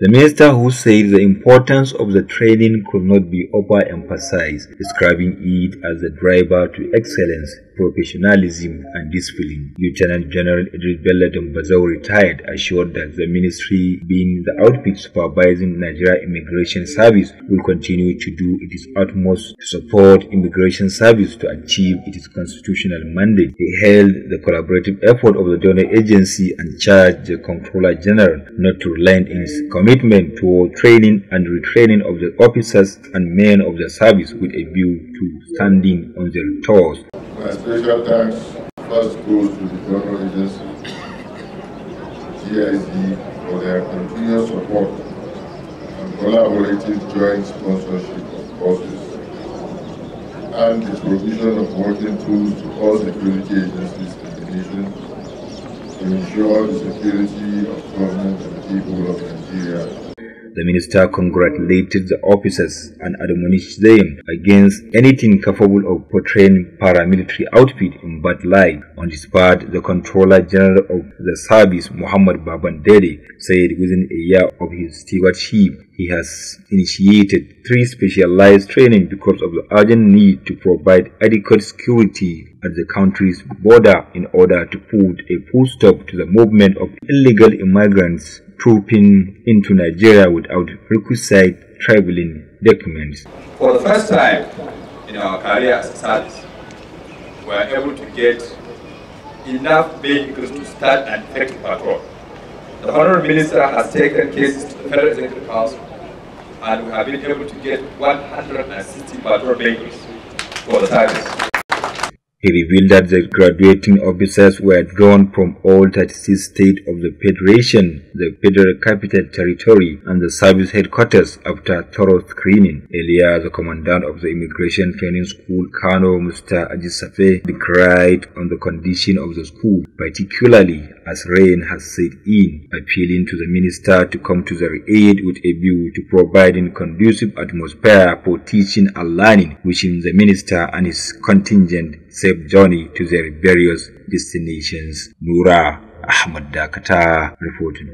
The minister who said the importance of the training could not be overemphasized, describing it as the driver to excellence, professionalism, and discipline. Lieutenant General Idris Bello Dambazau retired assured that the ministry, being the outfit supervising Nigeria Immigration Service, will continue to do its utmost to support Immigration Service to achieve its constitutional mandate. He hailed the collaborative effort of the donor agency and charged the Comptroller General not to relent in his commitment commitment toward training and retraining of the officers and men of the service with a view to standing on their toes. My special thanks first goes to the donor agency, GIZ, for their continuous support and collaborative joint sponsorship of courses and the provision of working tools to all security agencies in the nation to ensure the security of government and people of Nigeria. The minister congratulated the officers and admonished them against anything capable of portraying paramilitary outfit in bad light. On his part, the Controller General of the Service, Muhammad Babandede, said within a year of his stewardship, he has initiated three specialized training because of the urgent need to provide adequate security at the country's border in order to put a full stop to the movement of illegal immigrants trooping into Nigeria without requisite traveling documents. For the first time in our career as a service, we are able to get enough vehicles to start an effective patrol. The Honourable Minister has taken cases to the Federal Executive Council and we have been able to get 160 patrol vehicles for the service. He revealed that the graduating officers were drawn from all 36 states of the Federation, the Federal Capital Territory, and the service headquarters after thorough screening. Earlier, the commandant of the Immigration Training School, Colonel Mr. Ajisafe, decried on the condition of the school, particularly as Rain has set in, appealing to the minister to come to their aid with a view to providing conducive atmosphere for teaching and learning, wishing the minister and his contingent safe journey to their various destinations. Nura Ahmad Dakata reporting.